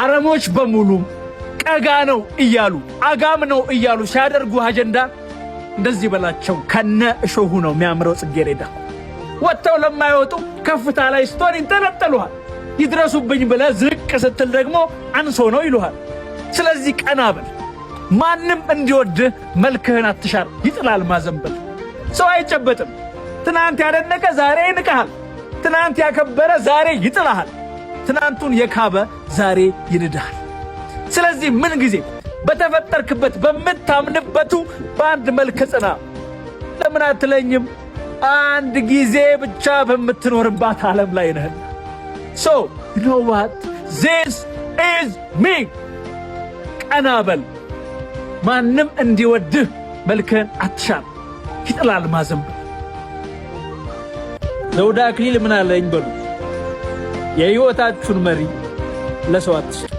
አረሞች በሙሉ ቀጋ ነው እያሉ አጋም ነው እያሉ ሲያደርጉ አጀንዳ እንደዚህ በላቸው። ከነ እሾሁ ነው የሚያምረው ጽጌረዳ። ወጥተው ለማይወጡ ከፍታ ላይ ስቶን ይንጠለጠሉሃል። ይድረሱብኝ ብለ ዝቅ ስትል ደግሞ አንሶ ነው ይሉሃል። ስለዚህ ቀና በል። ማንም እንዲወድህ መልክህን አትሻር፣ ይጥላል ማዘንበል። ሰው አይጨበጥም። ትናንት ያደነቀ ዛሬ ይንቀሃል። ትናንት ያከበረ ዛሬ ይጥልሃል። ትናንቱን የካበ ዛሬ ይንድሃል። ስለዚህ ምን ጊዜ በተፈጠርክበት በምታምንበቱ በአንድ መልክ ጽና። ለምን አትለኝም? አንድ ጊዜ ብቻ በምትኖርባት ዓለም ላይ ነህ። ሶ ኖዋት ዚስ ኢዝ ሚ። ቀና በል። ማንም እንዲወድህ መልክህን አትሻል። ይጥላል ማዘንበል። ዘውዳ አክሊል ምን አለኝ በሉት። የህይወታችሁን መሪ ለሰው አትስጡ።